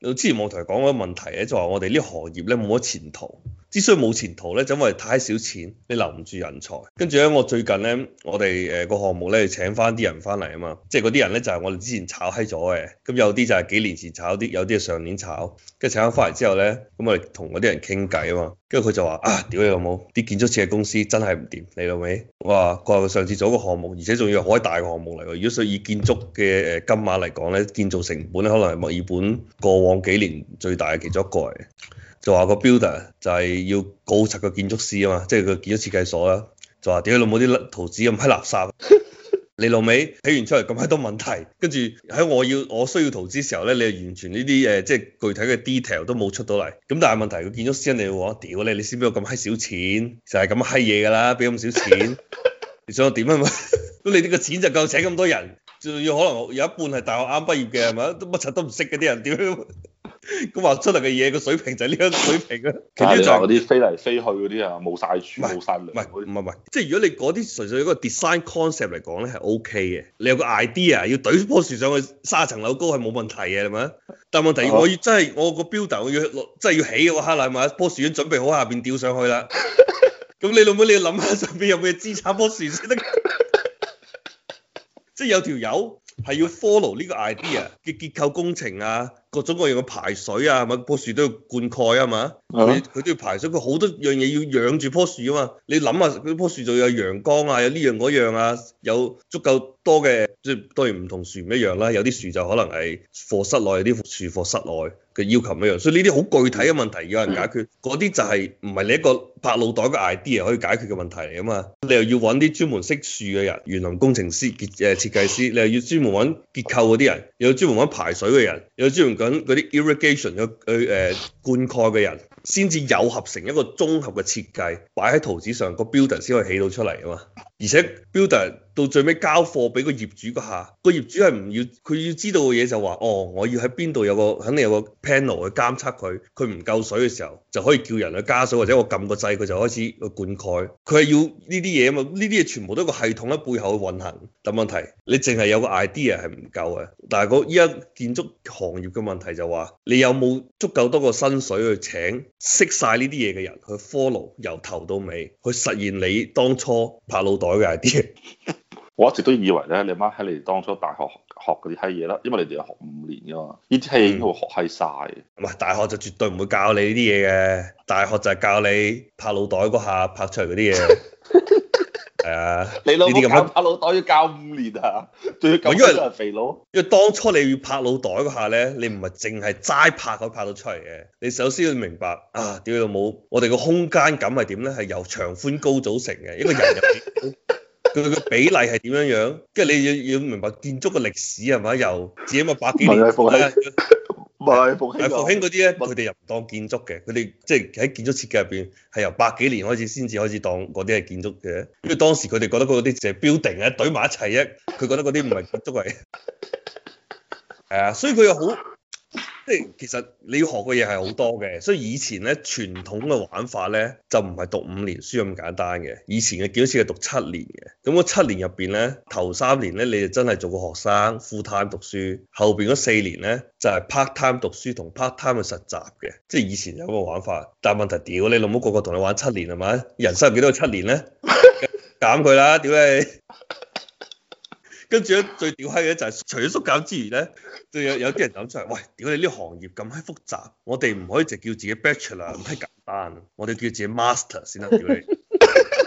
之前我同你講嗰個問題咧，就話我哋呢行業咧冇乜前途。之所以冇前途咧，就因為太少錢，你留唔住人才。跟住咧，我最近咧，我哋誒個項目咧，請翻啲人翻嚟啊嘛。即係嗰啲人咧，就係、是、我哋之前炒閪咗嘅。咁有啲就係幾年前炒啲，有啲係上年炒。跟住請翻翻嚟之後咧，咁我哋同嗰啲人傾偈啊嘛。跟住佢就話：啊，屌你老母！啲建築設計公司真係唔掂，你老味。」我話：佢上次做一個項目，而且仲要係好大嘅項目嚟。如果所以，以建築嘅誒金碼嚟講咧，建造成本咧，可能係墨爾本過往幾年最大嘅其中一個嚟嘅。就話個 builder 就係要告拆個建築師啊嘛，即係個建築設計所啦。就話屌你老母啲圖紙咁閪垃圾， 你老尾睇完出嚟咁閪多問題，跟住喺我要我需要圖紙時候咧，你係完全呢啲誒即係具體嘅 detail 都冇出到嚟。咁但係問題，個建築師肯定話：屌 你，你先俾我咁閪少錢，就係咁閪嘢㗎啦，俾咁少錢， 你想點啊嘛？咁你呢個錢就夠請咁多人，仲要可能有一半係大學啱畢業嘅係咪？乜柒都唔識嗰啲人，屌。 咁話出嚟嘅嘢個水平 就係呢個水平啊，其實就係嗰啲飛嚟飛去嗰啲啊，冇晒樹，冇曬力嗰唔係唔係，即係如果你嗰啲純粹一個 design concept 嚟講咧係 OK 嘅，你有個 idea 要懟棵樹上去卅層樓高係冇問題嘅，係咪？但係問題我要真係我個 builder 我要落真係要起我哈喇嘛棵樹已經準備好下邊吊上去啦，咁 你老母，你要諗下上邊有咩支撐棵樹先得， 即係有條友係要 follow 呢個 idea 嘅結構工程啊。各種各樣嘅排水啊，係咪棵樹都要灌溉啊？嘛的，佢佢都要排水，佢好多樣嘢要養住棵樹啊嘛。你諗下，嗰棵樹就要有陽光啊，有呢樣嗰樣啊，有足夠多嘅，即係當然唔同樹唔一樣啦。有啲樹就可能係放室內啲樹放室內嘅要求唔一樣，所以呢啲好具體嘅問題要有人解決。嗰啲，嗯、就係唔係你一個拍腦袋嘅 idea 可以解決嘅問題嚟啊嘛。你又要揾啲專門識樹嘅人，園林工程師、結誒設計師，你又要專門揾結構嗰啲人，又要專門揾排水嘅人，有專門咁嗰啲 irrigation 嘅誒誒灌溉嘅人，先至有合成一個綜合嘅設計，擺喺圖紙上，個 building 先可以起到出嚟啊嘛～而且 builder 到最尾交貨俾個業主嗰下，個業主係唔要佢要知道嘅嘢就話哦，我要喺邊度有個肯定有個 panel 去監測佢，佢唔夠水嘅時候就可以叫人去加水，或者我撳個掣佢就開始去灌溉。佢係要呢啲嘢啊嘛，呢啲嘢全部都係個系統喺背後去運行。等問題，你淨係有個 idea 係唔夠嘅。但係嗰依家建築行業嘅問題就話你有冇足夠多個薪水去請識晒呢啲嘢嘅人去 follow 由頭到尾去實現你當初拍腦袋。改大啲，我一直都以為咧，你阿媽喺你哋當初大學學嗰啲閪嘢啦，因為你哋要學五年噶嘛，呢啲閪嘢已經會學閪晒，唔係大學就絕對唔會教你呢啲嘢嘅，大學就係教你拍腦袋嗰下拍出嚟嗰啲嘢。係啊，你老我拍腦袋要教五年啊，仲要教啲人肥佬。因為當初你要拍腦袋嗰下咧，你唔係淨係齋拍嗰拍到出嚟嘅，你首先要明白啊，屌你老母，我哋個空間感係點咧？係由長寬高組成嘅，一個人入邊佢嘅比例係點樣樣？跟住你要要明白建築嘅歷史係咪？由自己咪百幾年。 唔係，復興嗰啲咧，佢哋、啊、又唔當建築嘅，佢哋即係喺建築設計入邊，係由百幾年開始先至開始當嗰啲係建築嘅，因為當時佢哋覺得嗰啲淨係 building 啊，懟埋一齊啫，佢覺得嗰啲唔係建築嚟，係啊，所以佢又好。即其實你要學嘅嘢係好多嘅，所以以前咧傳統嘅玩法咧就唔係讀五年書咁簡單嘅，以前嘅教師係讀七年嘅，咁嗰七年入邊咧頭三年咧你就真係做個學生 full time 讀書，後邊嗰四年咧就係、是、part time 讀書同 part time 去實習嘅，即係以前有一個玩法，但係問題屌你老母個個同你玩七年係咪？人生幾多有七年咧？減佢啦，屌你！跟住咧，最屌閪嘅就係除咗縮減之餘咧，就有有啲人諗出嚟，喂，屌你呢行業咁閪複雜，我哋唔可以淨係叫自己 Bachelor 咁閪簡單，我哋叫自己 Master 先得，屌你。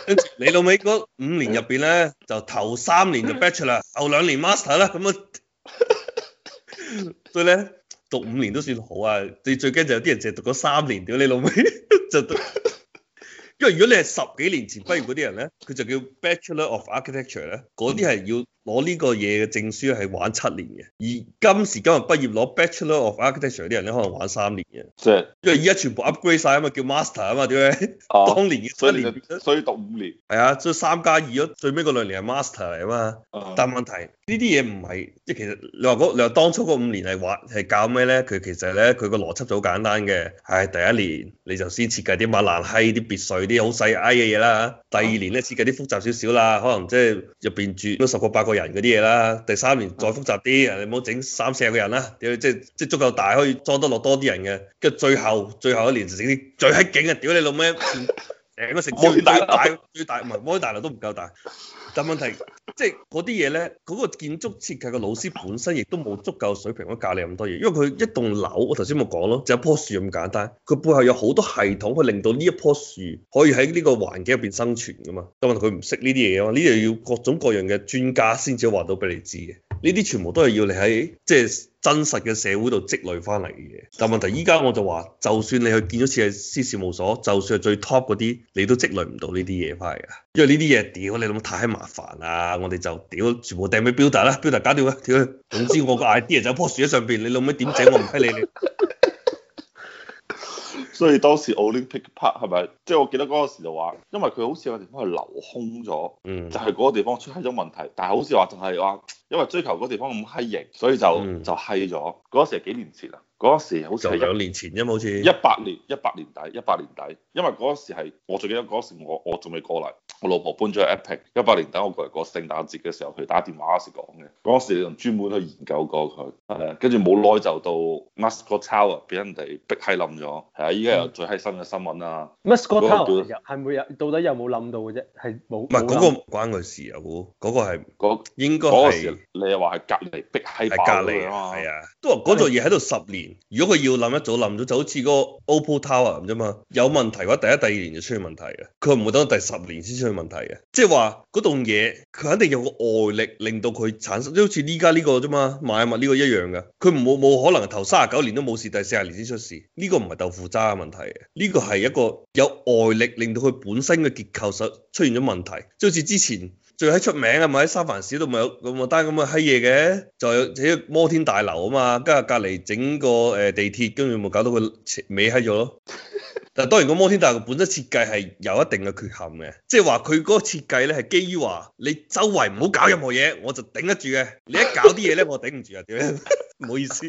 跟住你老味嗰五年入邊咧，就頭三年就 Bachelor，後兩年 Master 啦，咁啊，所以咧讀五年都算好啊。你最驚就係有啲人淨係讀咗三年，屌你老味，就讀。因為如果你係十幾年前畢業嗰啲人咧，佢就叫 Bachelor of Architecture 咧，嗰啲係要。攞呢個嘢嘅證書係玩七年嘅，而今時今日畢業攞 Bachelor of Architecture 啲人咧，可能玩三年嘅，即係、就是、因為依家全部 upgrade 晒啊嘛，叫 Master 啊嘛，點解？哦、啊，當年嘅所以讀五年，係啊，所以三加二咗最尾嗰兩年係 Master 嚟啊嘛，啊但係問題呢啲嘢唔係即係其實你話嗰你話當初嗰五年係玩係教咩咧？佢其實咧佢個邏輯就好簡單嘅，唉、哎，第一年你就先設計啲馬蘭閪啲別墅啲好細矮嘅嘢啦，第二年咧設計啲複雜少少啦，可能即係入邊住十個八個。個人嗰啲嘢啦，第三年再複雜啲，你唔好整三四個人啦，屌，即係即係足夠大可以裝得落多啲人嘅，跟住最後最後一年就整啲最黑勁嘅，屌你老咩！ 成個城市最大、大最大唔係，摩天大樓都唔夠大。但問題即係嗰啲嘢咧，嗰、嗰個建築設計嘅老師本身亦都冇足夠水平，可以教你咁多嘢。因為佢一棟樓，我頭先咪講咯，就一棵樹咁簡單。佢背後有好多系統，去令到呢一棵樹可以喺呢個環境入邊生存噶嘛。因為佢唔識呢啲嘢啊嘛，呢啲要各種各樣嘅專家先至話到俾你知嘅。呢啲全部都係要你喺即係真實嘅社會度積累翻嚟嘅嘢，但問題依家我就話，就算你去見咗設計師事務所，就算係最 top 嗰啲，你都積累唔到呢啲嘢翻嚟噶，因為呢啲嘢屌你老母太麻煩啊，我哋就屌全部掟俾 builder 啦 builder 搞掂啦，屌總之我個 idea 就喺樖樹喺上邊，你老母點整我唔批你你。所以當時奧林匹克 Park 係咪？即、就、係、是、我記得嗰陣時就話，因為佢好似有個地方係留空咗，嗯、就係嗰個地方出現咗問題。但係好似話就係話，因為追求嗰地方咁閪型，所以就、嗯、就閪咗。嗰時係幾年前啊？嗰時好似係兩年前啫嘛，好似一八年、一八年底、一八年底。因為嗰時係我最記得嗰時我，我我仲未過嚟。我老婆搬咗去 Epic，一八年等我過嚟過聖誕節嘅時候，佢打電話嗰時講嘅。嗰、那個、時你仲專門去研究過佢，係啊，跟住冇耐就到 Mascot Tower，俾人哋逼閪冧咗。係啊，依家又最閪新嘅新聞啦。Mascot Tower 係冇有？到底有冇冧到嘅啫？係冇。唔係嗰個關佢事啊！嗰、那個係嗰應該係你又話係隔籬逼喺、啊、隔籬啊嘛。係啊，啊啊都話嗰座嘢喺度十年，如果佢要冧一早冧咗，就好似嗰個 Opal Tower 咁啫嘛。有問題嘅話，第一第二，第二年就出問題嘅，佢唔會等到第十年先出問題嘅，即係話嗰棟嘢，佢肯定有個外力令到佢產生，即好似依家呢個啫嘛，買物呢個一樣嘅，佢冇冇可能頭三十九年都冇事，第四十年先出事，呢個唔係豆腐渣嘅問題，呢個係一個有外力令到佢本身嘅結構實出現咗問題，即好似之前最喺出名啊，咪喺三藩市都咪有咁啊單咁嘅閪嘢嘅，就係起摩天大樓啊嘛，跟上隔籬整個誒地鐵，跟住咪搞到佢尾閪咗咯。但係當然個摩天大樓本身設計係有一定嘅缺陷嘅，即係話佢嗰個設計咧係基於話你周圍唔好搞任何嘢，我就頂得住嘅。你一搞啲嘢咧，我頂唔住啊！點樣？唔 好意思。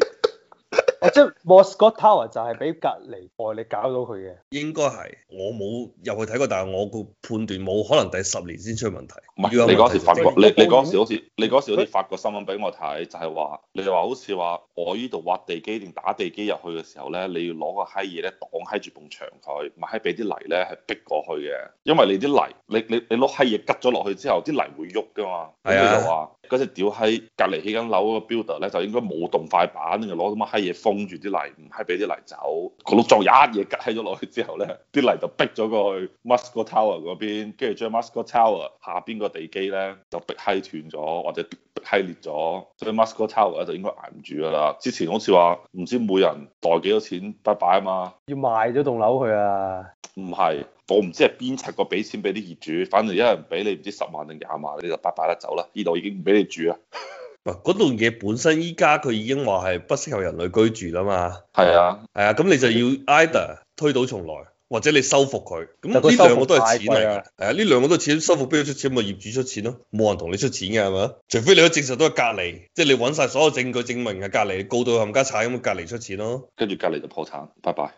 即係 Mascot Tower 就係俾隔離外力搞到佢嘅，應該係，我冇入去睇過，但係我個判斷冇可能第十年先出問題。唔係是你嗰時發你你嗰時好似你嗰時好似發個新聞俾我睇，就係、是、話你話好似話我呢度挖地基定打地基入去嘅時候咧，你要攞個閪嘢咧擋閪住棟牆佢，咪閪俾啲泥咧係逼過去嘅，因為你啲泥你你你攞閪嘢拮咗落去之後，啲泥會喐㗎嘛。係啊。就話嗰隻屌喺隔離起緊樓嗰個 builder 咧，就應該冇棟塊板，就攞啲乜閪嘢封住啲泥，唔係俾啲泥走。個老闆撞一嘢解咗落去之後呢，啲泥就逼咗過去 Moscow Tower 嗰邊，跟住將 Moscow Tower 下邊個地基呢就逼閪斷咗，或者逼閪裂咗，所以 Moscow Tower 咧就應該捱唔住噶啦。之前好似話唔知每人袋幾多錢拜拜 e 啊嘛。要賣咗棟樓去啊？唔係，我唔知係邊層個俾錢俾啲業主，反正一人俾你唔知十萬定廿萬，你就拜拜 e 得走啦。呢度已經唔俾你住啦。 唔，嗰棟嘢本身依家佢已經話係不適合人類居住啦嘛。係啊，係啊，咁你就要 either 推倒重來，或者你收復佢，咁呢兩個都係錢嚟嘅。係啊，呢兩個都係錢，收復邊個出錢咪業主出錢咯，冇人同你出錢嘅係嘛？除非你都證實都係隔籬，即係你揾晒所有證據證明係隔籬，告到冚家鏟咁，隔籬出錢咯，跟住隔籬就破產，拜拜，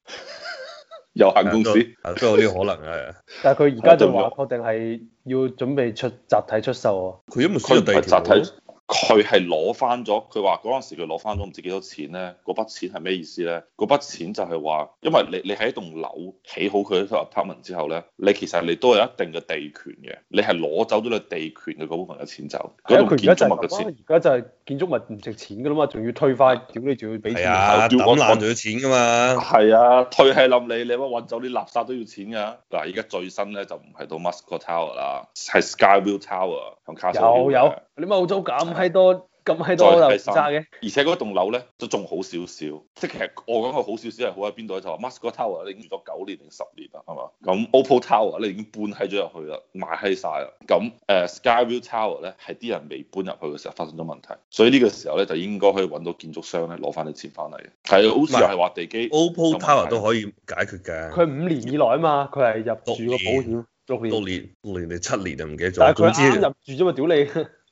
有 限公司都有呢個可能啊。但係佢而家就話確定係要準備出集體出售啊，佢因為輸咗第二條。佢係攞翻咗，佢話嗰陣時佢攞翻咗唔知幾多錢咧，嗰筆錢係咩意思咧？嗰筆錢就係話，因為你你喺一棟樓起好佢一棟 apartment 之後咧，你其實你都有一定嘅地權嘅，你係攞走咗你地權嘅嗰部分嘅錢走嗰棟建築物嘅錢。建築物唔值錢噶啦嘛，仲要推翻，點你仲要俾錢，啊，要抌爛仲要錢噶嘛。係啊，推係冧你，你乜揾走啲垃圾都要錢噶。嗱，而家最新咧就唔係到 Mascot Tower 啦，係 Skyview Tower 同 Castle。a 有有，你乜澳洲咁閪多？咁喺度又負責嘅，是而且嗰棟樓咧都仲好少少，即係其實我講佢好少少係好喺邊度咧，就話 Mascot Tower, Tower 你已經住咗九年定十年啦，係嘛？咁 Opal Tower 咧已經搬喺咗入去啦，賣喺晒啦。咁誒 Skyview Tower 咧係啲人未搬入去嘅時候發生咗問題，所以呢個時候咧就應該可以揾到建築商咧攞翻啲錢翻嚟。係啊，好似又係挖地基，Opal Tower 都可以解決嘅。佢五年以內啊嘛，佢係入住個保險六年，六年定七年就唔記得咗。但佢啱啱入住啫嘛，屌你！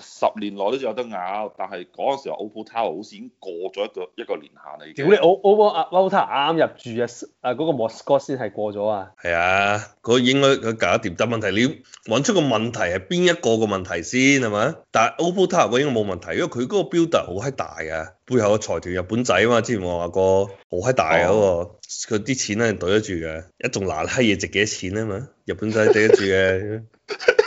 十年內都仲有得拗，但係嗰陣時候 OPPO Tower 好似已經過咗一個一個年限啦。屌你，OPPO 啊 OPPO Tower 啱入住啊，啊嗰個莫斯科先係過咗啊。係啊，佢應該佢搞掂，但係問題你搵出個問題係邊一個個問題先係咪？但係 OPPO Tower 應該冇問題，因為佢嗰個 builder 好閪大啊，背後個財團日本仔啊嘛，之前我話過好閪大嗰、那個，佢啲、哦、錢咧懟得住嘅，一幢爛閪嘢值幾多錢啊嘛，日本仔懟得住嘅。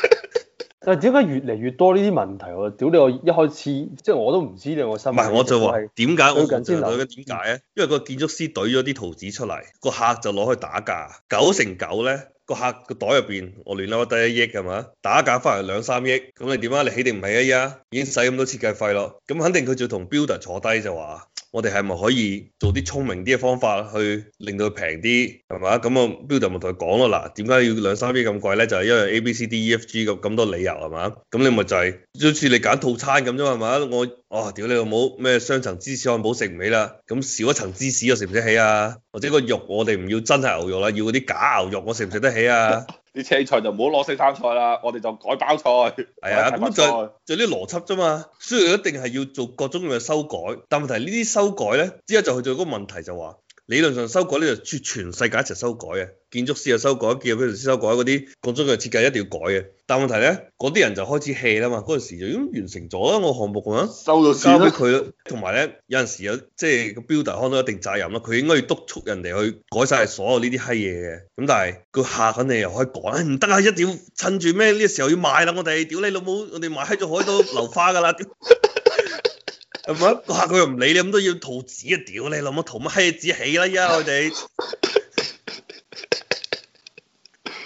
但係點解越嚟越多呢啲問題？屌你我一開始即係、就是、我都唔知你個心，唔係我就話點解？我最近先留意點解咧？因為個建築師懟咗啲圖紙出嚟，個客就攞去打價，九成九咧個客個袋入邊，我亂撈得一億係嘛，打價翻嚟兩三億，咁你點啊？你起定唔起啊？已經使咁多設計費咯，咁肯定佢就同 builder 坐低就話。我哋係咪可以做啲聰明啲嘅方法去令到佢平啲係嘛？咁我 builder 咪同佢講咯，嗱，點解要兩三億咁貴咧？就係、是、因為 A B C D E F G 咁咁多理由係嘛？咁你咪就係好似你揀套餐咁啫嘛？我哇、哦，屌你個冇咩雙層芝士漢堡食唔起啦？咁少一層芝士我食唔食得起啊？或者個肉我哋唔要真係牛肉啦，要嗰啲假牛肉我食唔食得起啊？啲青菜就唔好攞西生菜啦，我哋就改包菜。係啊、哎呀，咁就就啲邏輯啫嘛，所以一定係要做各種嘅修改。但問題呢啲修改咧，之後就去到一個問題，就話。理論上修改呢，就全世界一齊修改嘅，建築師又修改，建築公司修改，嗰啲廣州嘅設計一定要改嘅。但問題咧，嗰啲人就開始 hea 啦嘛，嗰陣時就已經完成咗我項目噶啦，收交俾佢。同埋咧，有陣時有即係個 builder 可能有一定責任啦，佢應該要督促人哋去改晒所有呢啲閪嘢嘅。咁但係佢、那個、客肯你又可以講，唔、哎、得啊，一定要趁住咩呢個時候要賣啦，我哋屌你老母，我哋買喺咗海島樓花噶啦。 係咪？個客！佢又唔理你，咁都要圖紙 啊。屌你諗我圖乜閪紙起啦！依家我哋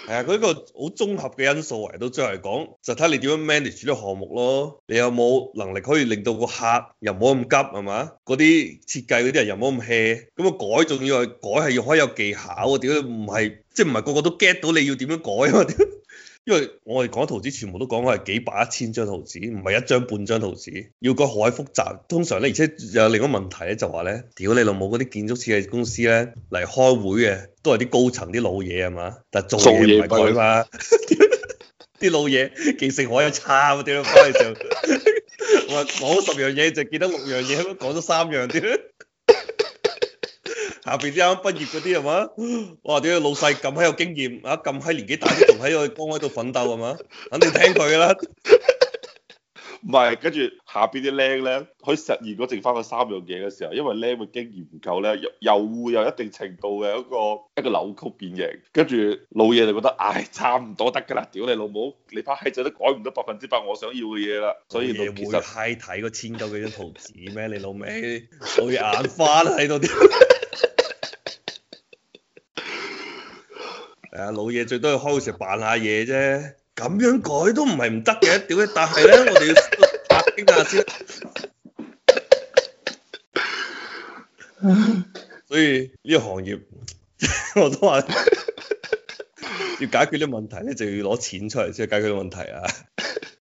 係啊，佢一個好綜合嘅因素嚟，啊、到，最後嚟講就睇你點樣 manage 呢個項目咯。你有冇能力可以令到個客又唔好咁急係嘛？嗰啲設計嗰啲人又唔好咁 hea，咁啊改仲要係改係要開有技巧，啊。屌唔係即係唔係個個都 get 到你要點樣改啊？ 因為我哋講圖紙，全部都講係幾百一千張圖紙，唔係一張半張圖紙。要改好複雜，通常咧，而且有另一個問題咧，就話咧，如果你老母嗰啲建築設計公司咧嚟開會嘅，都係啲高層啲老嘢係嘛，但係做唔係佢嘛。啲事 老嘢記性我又差，屌翻嚟就我講 十樣嘢，就記得六樣嘢，講咗三樣添。 下邊啲啱畢業嗰啲係嘛？哇！屌，老細咁喺有經驗，啊咁喺年紀大啲，仲喺度幫喺度奮鬥係嘛？肯定聽佢噶啦。唔係， 跟住下邊啲僆咧，佢實現咗剩翻個三樣嘢嘅時候，因為僆嘅經驗唔夠咧，又會有一定程度嘅一個一個，一個扭曲變形。跟住老嘢就覺得，唉、哎，差唔多得噶啦，屌你老母，你怕戲仔都改唔到百分之百我想要嘅嘢啦。你唔會睇睇個千九幾張圖紙咩？你老味老眼花喺度係啊，老嘢最多要開嗰時扮下嘢啫，咁樣改都唔係唔得嘅。屌咧？但係咧， 我哋要傾下先。 所以呢個行業， 我都話說 要解決啲問題咧，就要攞錢出嚟先，解決啲問題啊！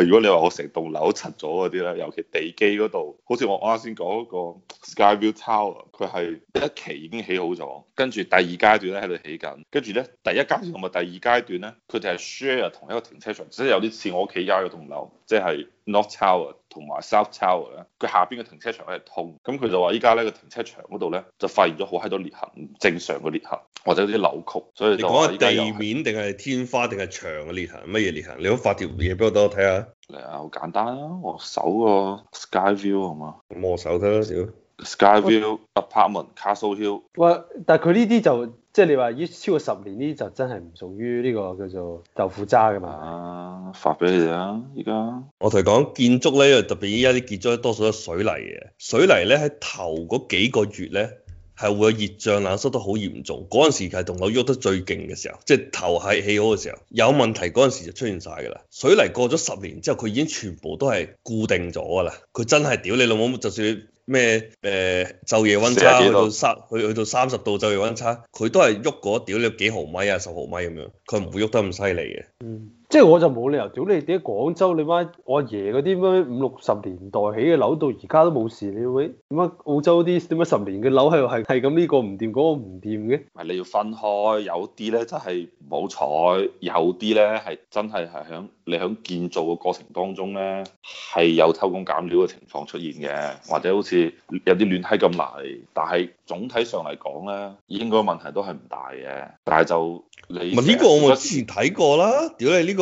如果你話我成棟樓拆咗嗰啲咧，尤其地基嗰度，好似我啱先講嗰個 Skyview Tower，佢係一期已經起好咗，跟住第二階段咧喺度起緊，跟住咧第一階段同埋第二階段咧，佢哋係 share 同一個停車場，即係有啲似我屋企而家嗰棟樓，即係。North Tower 同埋 South Tower 咧，佢下邊嘅停車場咧係通，咁佢就話依家咧個停車場嗰度咧就發現咗好閪多裂痕，正常嘅裂痕或者啲扭曲。所以你講下地面定係天花定係牆嘅裂痕，乜嘢裂痕？你好發條嘢俾我，等我睇下。嚟啊，好簡單啊，我手啊 Sky View 好嘛我，我手睇咯，少 Sky View Apartment Castle Hill。喂，但係佢呢啲就～即係你話已超過十年呢就真係唔屬於呢個叫做豆腐渣㗎嘛。啊，發俾你啊！而家我同你講建築咧，特別依家啲建築多數都水泥嘅。水泥咧喺頭嗰幾個月咧係會有熱脹冷縮得好嚴重。嗰陣時係同我喐得最勁嘅時候，即係頭係起好嘅時候。有問題嗰陣時就出現晒㗎啦。水泥過咗十年之後，佢已經全部都係固定咗㗎啦。佢真係屌你老母，就算。咩誒？晝、呃、夜溫差去到三，去到三十度，晝夜溫差，佢都係喐嗰屌你幾毫米啊，十毫米咁樣，佢唔會喐得咁犀利嘅。嗯即係我就冇理由，屌你點解廣州你媽我阿爺嗰啲咩五六十年代起嘅樓到而家都冇事，你會點解澳洲啲點解十年嘅樓係係咁，呢個唔掂嗰個唔掂嘅？唔係你要分開，有啲咧真係唔好彩，有啲咧係真係係響你響建造嘅過程當中咧係有偷工減料嘅情況出現嘅，或者好似有啲亂閪咁埋，但係總體上嚟講咧應該問題都係唔大嘅，但係就你呢個我咪之前睇過啦，屌你呢個。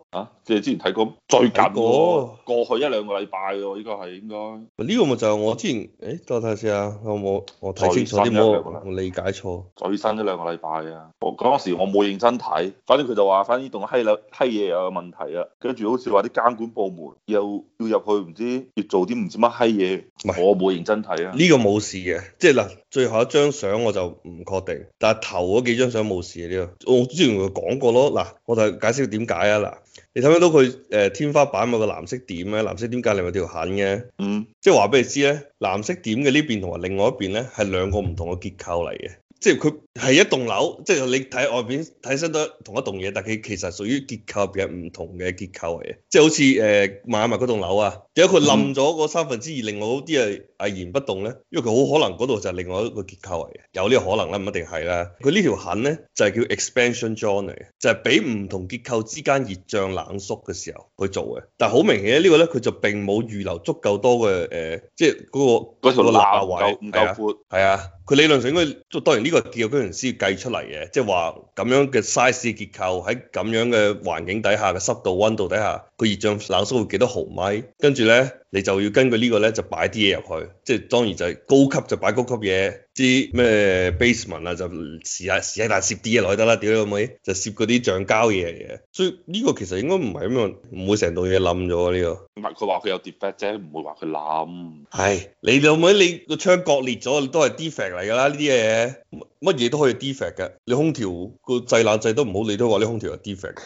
啊！即係之前睇過最緊個過去一兩個禮拜喎，呢個係應該。呢個咪就係我之前誒，再睇下先啊，有冇我睇清楚啲？我理解錯，最新一兩個禮拜啊。我當時我冇認真睇，反正佢就話，反正呢棟閪樓閪嘢有問題啊。跟住好似話啲監管部門又要入去，唔知要做啲唔知乜閪嘢。唔係我冇認真睇啊。呢個冇事嘅，即係嗱，最後一張相我就唔確定，但係頭嗰幾張相冇事嘅，呢個。我之前佢講過咯，嗱、啊，我就解釋點解啊嗱。你睇唔睇到佢天花板嗰個藍色點咧？藍色點隔離咪有條痕嘅，嗯，即係話俾你知咧，藍色點嘅呢邊同埋另外一邊咧，係兩個唔同嘅結構嚟嘅。即係佢係一棟樓，即係你睇外邊睇身都同一棟嘢，但係佢其實屬於結構嘅唔同嘅結構嚟嘅。即係好似誒買埋嗰棟樓啊，如果佢冧咗嗰三分之二，另外嗰啲係安然不動咧，因為佢好可能嗰度就係另外一個結構嚟嘅，有呢個可能啦，唔一定係啦。佢呢條痕咧就係叫 expansion joint 嚟嘅，就係俾唔同結構之間熱漲冷縮嘅時候去做嘅。但係好明顯個呢個咧，佢就並冇預留足夠多嘅誒、呃，即係嗰、嗰個嗰條罅位，唔夠闊，係啊，佢、啊、理論上應該當然呢。呢個叫工程師計出嚟嘅，即係話咁樣嘅 size 的結構喺咁樣嘅環境底下嘅濕度、溫度底下。佢熱脹冷縮會幾多毫米，跟住咧，你就要根據呢個咧就擺啲嘢入去，即係當然就係高級就擺高級嘢，啲咩 basement 啊就試下試下，但係攝啲嘢落去得啦，屌你老味，就攝嗰啲橡膠嘢嘅。所以呢個其實應該唔係咁樣，唔會成棟嘢冧咗呢個。唔係佢話佢有 defect 啫，唔會話佢冧。係你老味，你個窗割裂咗都係 defect 嚟㗎啦，呢啲嘢乜嘢都可以 defect 嘅。你空調個製冷制都唔好，你都話你空調有 defect。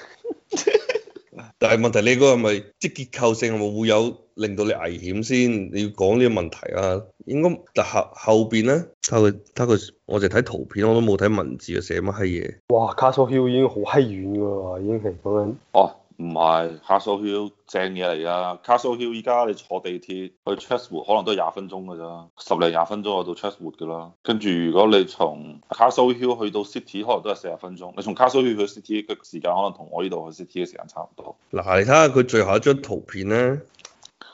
但係問題是你嗰個係咪即結構性係咪會有令到你危險先？你要講呢個問題啊！應該但後後邊咧，睇佢睇佢，我淨係睇圖片，我都冇睇文字啊！寫乜閪嘢？哇！卡索囂已經好閪遠噶啦，已經係嗰陣哦。唔係 Castle Hill，正嘢嚟啊！Castle Hill 依家你坐地鐵去 Chatswood 可能都係廿分鐘噶咋，十零廿分鐘就到 Chatswood 噶啦。跟住如果你從 Castle Hill 去到 City 可能都係四十分鐘，你從 Castle Hill 去 City 嘅時間可能同我呢度去 City 嘅時間差唔多。嗱，你睇下佢最後一張圖片咧，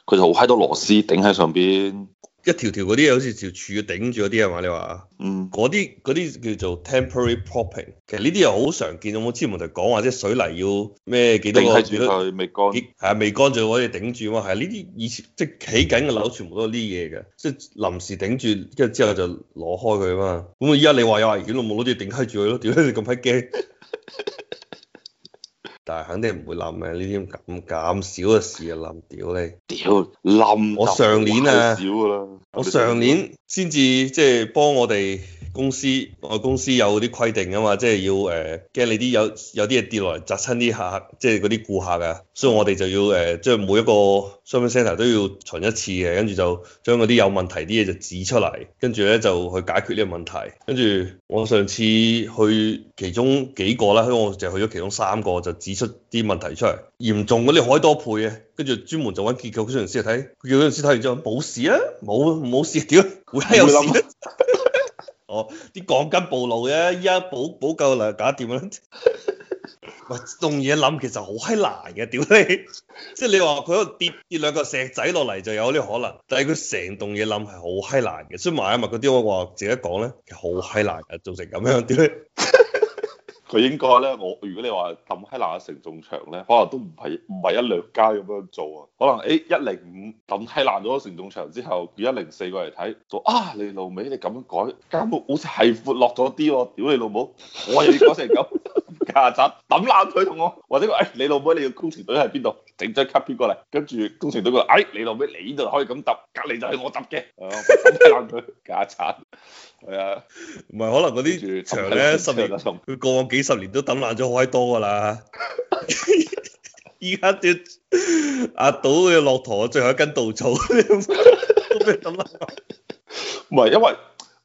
佢就好閪多螺絲頂喺上邊。一條條嗰啲好似條柱要頂住嗰啲係嘛？你話嗯，嗰啲啲叫做 temporary propping。其實呢啲又好常見。有冇專門嚟講話即係水泥要咩幾多個？住未乾？係啊，未乾就可以頂住嘛。係呢啲以前即係起緊嘅樓，全部都係呢啲嘢嘅，即係臨時頂住，跟住之後就攞開佢嘛。咁我依家你話有危險，我冇攞住頂起住佢咯。點解你咁閪驚？ 但係肯定唔會冧嘅，呢啲咁咁少嘅事啊，冧屌你！林屌冧！我上年啊，少噶啦。我上年先至即係幫我哋公司，我公司有啲規定啊嘛，即係要誒驚你啲有有啲嘢跌落嚟砸親啲客，即係嗰啲顧客啊，所以我哋就要誒，即係每一個商品 set 都要巡一次嘅，跟住就將嗰啲有問題啲嘢就指出嚟，跟住咧就去解決呢個問題。跟住我上次去其中幾個啦，香港我就去咗其中三個就。指出啲問題出嚟，嚴重嗰啲海多配嘅、啊，跟住專門就揾結構工程師嚟睇，佢結構師睇完之後冇事啊，冇冇事屌，會喺度諗？ 哦，啲鋼筋暴露嘅、啊，依家補補救嚟搞掂啦。喂， 棟嘢諗其實好閪難嘅，屌你，即係你話佢度跌跌兩個石仔落嚟就有呢可能，但係佢成棟嘢諗係好閪難嘅，所以買物嗰啲我話自己講咧，其實好閪難嘅，造成咁樣屌你。 佢應該咧，我如果你話抌喺爛咗承重牆咧，可能都唔係唔係一兩家咁樣做啊，可能誒一零五抌喺爛咗承重牆之後，佢一零四過嚟睇，做啊你老味，你咁樣改，間屋好似係闊落咗啲喎，屌你老母，我又要改成咁。 架拆抌爛佢同我，或者誒、哎、你老妹，你個工程隊喺邊度？整張卡片過嚟，跟住工程隊佢話：誒、哎、你老妹你呢度可以咁揼，隔籬就係我揼嘅。抌爛佢架拆，係啊，唔係、啊、可能嗰啲場咧十年，佢年過往幾十年都抌爛咗好多噶啦。依家屌阿賭嘅駱駝最後一根稻草抌 爛。唔係因為。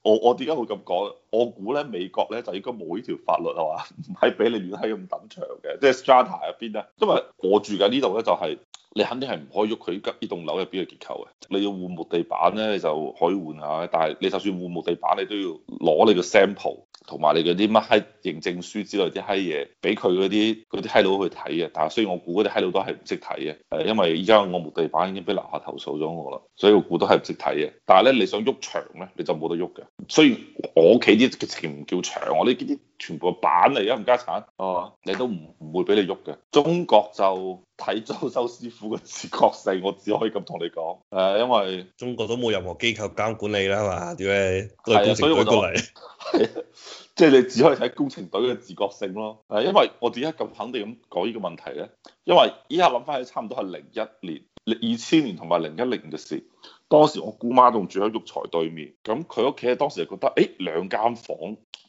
我我點解會咁講？我估咧美國咧就應該冇呢條法律啊嘛，唔係俾你亂喺咁等長嘅，即係 strata 入邊咧。因為我住緊呢度咧，就係、是、你肯定係唔可以喐佢依間依棟樓入邊嘅結構嘅。你要換木地板咧，你就可以換下，但係你就算換木地板，你都要攞你個 sample。同埋你嗰啲乜閪認證書之類啲閪嘢，俾佢嗰啲啲閪佬去睇嘅，但係雖然我估嗰啲閪佬都係唔識睇嘅，誒，因為依家我木地板已經俾樓下投訴咗我啦，所以我估都係唔識睇嘅。但係咧，你想喐牆咧，你就冇得喐嘅。雖然我屋企啲嘅嘢唔叫牆，我呢啲。全部板嚟而家唔加橙，哦，你都唔唔會俾你喐嘅。中國就睇裝修師傅嘅自覺性，我只可以咁同你講。誒，因為中國都冇任何機構監管你啦，係嘛？點解都係工程隊嚟？係啊，即係、啊就是、你只可以睇工程隊嘅自覺性咯。誒、啊啊，因為我點解咁肯定咁講呢個問題咧？因為依家諗翻起，差唔多係零一年、零二千年同埋零一零嘅事。當時我姑媽仲住喺育才對面，咁佢屋企當時係覺得，誒、欸，兩間房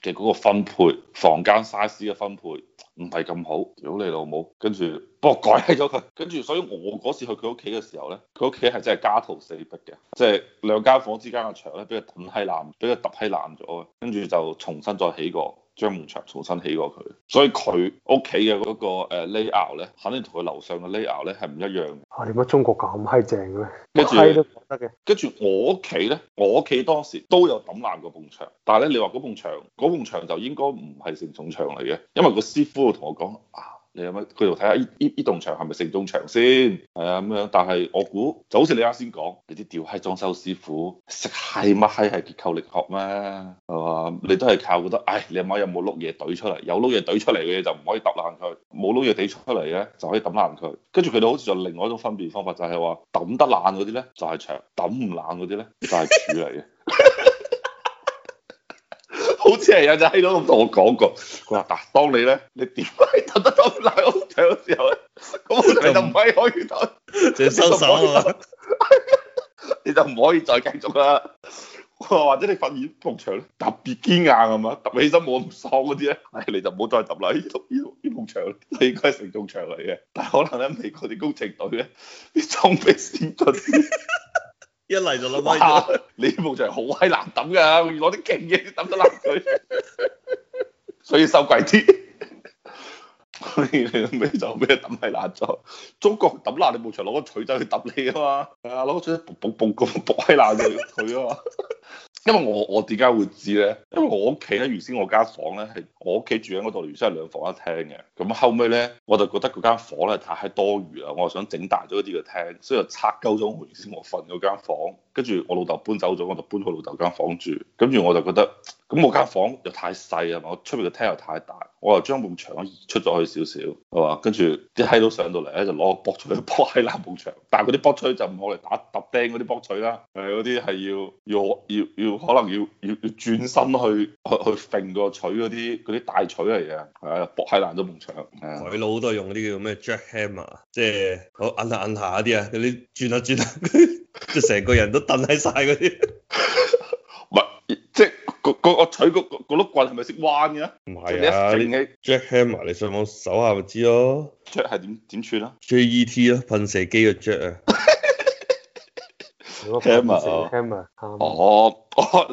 嘅嗰個分配，房間 size 嘅分配唔係咁好，屌你老母，跟住不過改咗佢，跟住所以我嗰時去佢屋企嘅時候咧，佢屋企係真係家徒四壁嘅，即係兩間房之間嘅牆咧，俾佢抌喺爛，俾佢揼喺爛咗，跟住就重新再起過。將埲牆重新起過佢，所以佢屋企嘅嗰個 layout 咧，肯定同佢樓上嘅 layout 咧係唔一樣嘅。嚇！你中國咁閪正嘅咩？我係都得嘅。跟住我屋企咧，我屋企當時都有抌爛個埲牆，但係咧你話嗰埲牆嗰牆就應該唔係承重牆嚟嘅，因為個師傅同我講啊。你咁樣佢度睇下呢依依棟牆係咪承重牆先，係啊咁樣。但係我估就好似你啱先講，啲吊閪裝修師傅食閪乜閪係結構力學咩？係嘛？你都係靠覺得，唉、哎，你阿媽有冇碌嘢堆出嚟？有碌嘢堆出嚟嘅嘢就唔可以揼爛佢，冇碌嘢堆出嚟嘅就可以揼爛佢。跟住佢哋好似就另外一種分辨方法，就係，就係話揼得爛嗰啲咧就係牆，揼唔爛嗰啲咧就係柱嚟嘅。好似係有隻閪佬咁同我講過，佢話：嗱，當你咧，你點揼得到泥屋牆嘅時候咧，咁你就唔可以收手，你就唔可以再繼續啦。或者你發現呢埲牆特別堅硬咁樣，揼起身冇咁爽嗰啲咧，你就唔好再揼啦。呢度呢度埲牆，應該係承重牆嚟嘅，但係可能咧，美國啲工程隊咧，啲裝備先進。一嚟就甩翻咗，你部牆好閪難抌噶，攞啲勁嘢抌得爛佢， 所以收貴啲。你尾就俾人抌係爛咗，中國抌爛你部牆，攞個錘仔去揼你啊嘛，係啊，攞個錘仔扑扑扑咁扑係爛佢，好嘛？ 因為我我點解會知咧？因為我屋企咧，原先我間房咧係我屋企住喺嗰度，原先係兩房一廳嘅。咁後尾咧，我就覺得嗰間房咧太係多餘啦，我係想整大咗啲個廳，所以就拆鳩咗我原先我瞓嗰間房，跟住我老豆搬走咗，我就搬去老豆間房住。跟住我就覺得，咁我間房又太細啊，我出邊個廳又太大。我又將棟牆移出咗去少少，係嘛？跟住啲閪佬上到嚟咧，就攞個博取去博喺爛棟牆。但係嗰啲博取就唔好嚟打揼釘嗰啲博取啦。係嗰啲係要要要要可能要要，要轉身去去去揈個鎚嗰啲啲大鎚嚟嘅。係啊，博喺爛咗棟牆。鬼佬都係用嗰啲叫咩 Jackhammer，即係好摁下摁下啲啊，嗰啲轉下轉下，即係成個人都揼喺晒嗰啲。個個個取個碌棍係咪識彎嘅？唔係啊，你 jack hammer 你上網搜下咪知咯。Jack 係點點串啊？JET 啊，噴射機嘅 j a c k 啊。hammer hammer 哦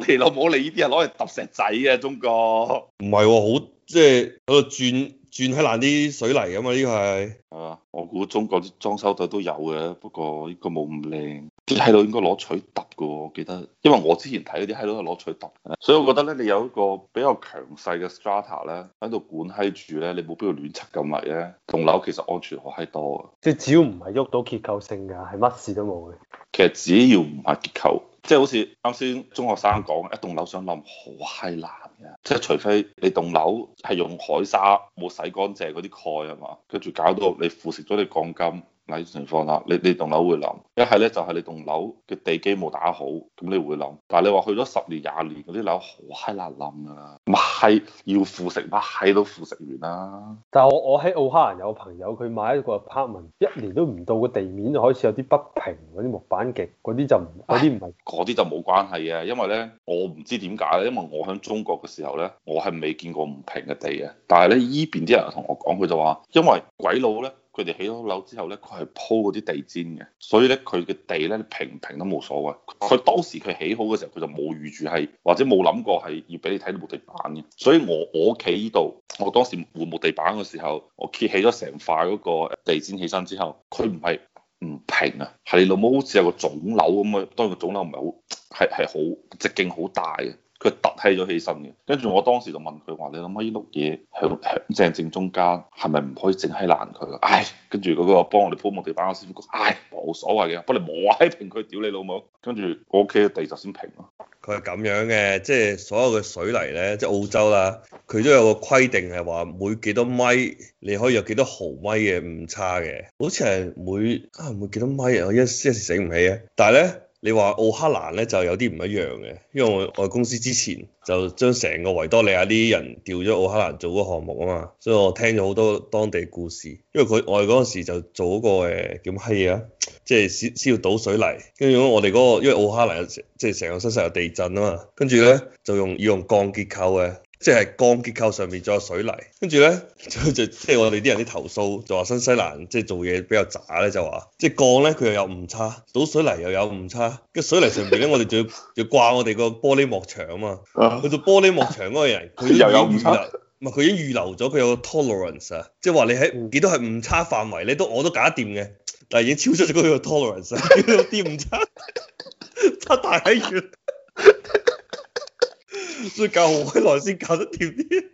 你老母你呢啲啊，攞嚟揼石仔嘅中國。唔係、啊，好即係喺度轉轉喺爛啲水泥啊嘛，呢、這個係。係嘛，我估中國啲裝修隊都有嘅，不過呢個冇咁靚。啲閪佬應該攞取揼嘅，我記得，因為我之前睇嗰啲閪佬係攞取揼，所以我覺得咧，你有一個比較強勢嘅 strata 咧，喺度管喺住咧，你冇必要亂拆咁埋咧，棟樓其實安全好閪多嘅。即係只要唔係喐到結構性㗎，係乜事都冇嘅。其實只要唔係結構，即係好似啱先中學生講，一棟樓想冧好閪難嘅，即係除非你棟樓係用海沙冇洗乾淨嗰啲鈣係嘛，跟住搞到你腐蝕咗你鋼筋。哪情況下，你你你棟樓會冧，一係咧就係你棟樓嘅地基冇打好，咁你會冧。但係你話去咗十年廿年嗰啲樓好閪難冧啊。啦，係要腐蝕乜閪都腐蝕完啦、啊。但係我我喺奧克蘭有個朋友，佢買一個 apartment，一年都唔到，個地面就開始有啲不平嗰啲木板勁，嗰啲就唔嗰啲唔係。嗰啲就冇關係嘅，因為咧我唔知點解咧，因為我喺中國嘅時候咧，我係未見過唔平嘅地啊。但係咧依邊啲人同我講，佢就話因為鬼佬咧。佢哋起咗樓之後咧，佢係鋪嗰啲地毯嘅，所以咧佢嘅地咧平唔平都冇所謂。佢當時佢起好嘅時候，佢就冇預住係或者冇諗過係要俾你睇到木地板嘅。所以我我屋企呢度，我當時換木地板嘅時候，我揭起咗成塊嗰個地毯起身之後，佢唔係唔平啊，係你老母好似有個腫瘤咁啊。當然個腫瘤唔係好，係係好直徑好大嘅。佢突起咗起身嘅，跟住我當時就問佢話：你諗下呢碌嘢響響正正中間，係咪唔可以整起攔佢啊？唉、哎，跟住嗰個幫我哋鋪木地板嘅師傅講：唉、哎，冇所謂嘅，幫你磨平佢，屌你老母！跟住我屋企嘅地就先平咯。佢係咁樣嘅，即係所有嘅水泥咧，即係澳洲啦，佢都有個規定係話每幾多米你可以有幾多毫米嘅誤差嘅，好似係每啊每幾多米啊，我一一時醒唔起啊。但係咧。你話奧克蘭咧就有啲唔一樣嘅，因為我我哋公司之前就將成個維多利亞啲人調咗奧克蘭做嗰個項目啊嘛，所以我聽咗好多當地故事。因為佢我哋嗰陣時就做嗰個誒叫乜閪嘢啊，即係先先要倒水泥，跟住我哋嗰個因為奧克蘭即係成個新西蘭有地震啊嘛，跟住咧就用要用鋼結構嘅。即係鋼結構上面仲有水泥，跟住咧就即係、就是、我哋啲人啲投訴就話新西蘭即係做嘢比較渣咧，就話即係鋼咧佢又有誤差，倒水泥又有誤差，跟水泥上邊咧 我哋仲要仲掛我哋個玻璃幕牆啊嘛，去 做玻璃幕牆嗰個人佢 又有誤差，唔係佢已經預留咗佢有個 tolerance 啊，即係話你喺幾多係誤差範圍咧都我都搞掂嘅，但係已經超出咗佢個 tolerance，啲 誤差太大喺咗。所以搞好鬼耐先搞得掂啲，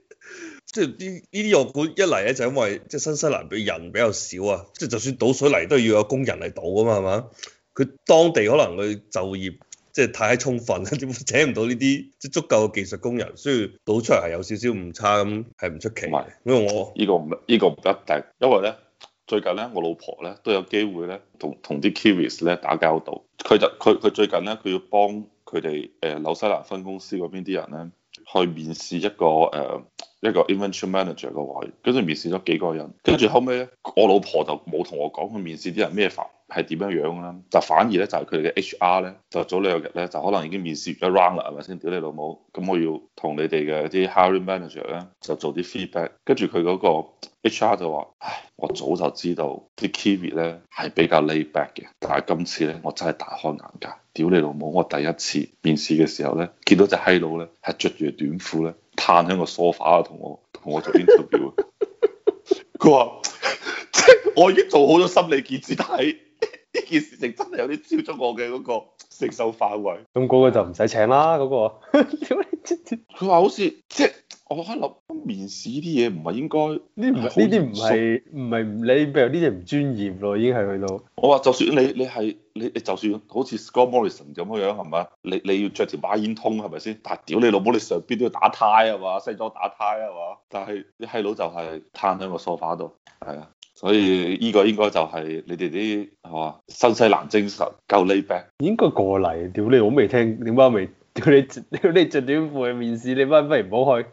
即係啲呢啲藥管一嚟咧，就因為即係新西蘭比人比較少啊，即係就算倒水泥都要有工人嚟倒啊嘛，係嘛？佢當地可能佢就業即係太充分，點解請唔到呢啲即係足夠嘅技術工人，所以倒出嚟係有少少誤差咁是，係唔出奇。唔係，因為我呢個唔呢個唔一定，因為咧最近咧我老婆咧都有機會咧同同啲 Kiwis 咧打交道，佢就佢佢最近咧佢要幫。佢哋誒紐西蘭分公司嗰邊啲人咧，去面試一個誒。呃一個 event manager 個位，跟住面試咗幾個人，跟住後尾，咧，我老婆就冇同我講佢面試啲人咩煩，係點樣樣啦，就反而咧就係佢哋嘅 HR 咧，就早兩日咧就可能已經面試完咗 round 啦，係咪先？屌你老母！咁我要同你哋嘅啲 hiring manager 咧，就做啲 feedback。跟住佢嗰個 HR 就話：唉，我早就知道啲 Kiwi 咧係比較 laid back 嘅，但係今次咧我真係大開眼界。屌你老母！我第一次面試嘅時候咧，見到隻閪佬咧係着住短褲咧。嘆喺個梳化，啊，同我同我做 Interview 佢話即係我已經做好咗心理建設，但係呢 件事情真係有啲超出我嘅嗰、嗰個承受範圍。咁嗰個就唔使請啦，嗰、嗰個。點解？佢話好似即係。我喺諗，面試呢啲嘢唔係應該呢唔呢啲唔係唔係你譬如呢啲唔專業咯，已經係去到。我話就算你你係你你就算好似 Scott Morrison 咁樣係咪？你你要着條馬煙通係咪先？但屌你老母你上邊都要打呔，係嘛？西裝打呔，係嘛？但係你閪佬就係攤喺個梳化度，係啊。所以呢個應該就係你哋啲係嘛？新西蘭精神夠 laid back，應該過嚟。屌你老味聽點解未？屌 你！屌你！著短褲去面試，你乜乜唔好去？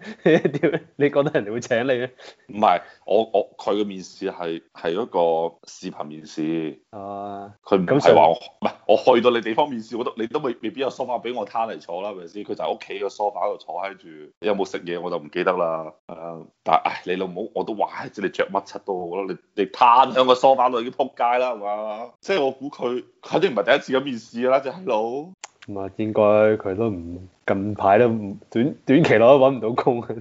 屌！你覺得人哋會請你咩？唔係，我我佢嘅面試係係一個視頻面試。哦、啊。佢唔敢係話我唔係，啊、我去到你地方面試，我都你都未未必有梳 o f 俾我攤嚟坐啦，係咪先？佢就喺屋企個梳 o 度坐喺住。有冇食嘢我就唔記得啦。誒，但係唉，你老母我都話，即你着乜柒都好啦，你你攤響個梳 o 度已經撲街啦，係咪即係我估佢肯定唔係第一次咁面試啦，即係 hello。咁啊，應該佢都唔近排都唔短短期內都揾唔到工。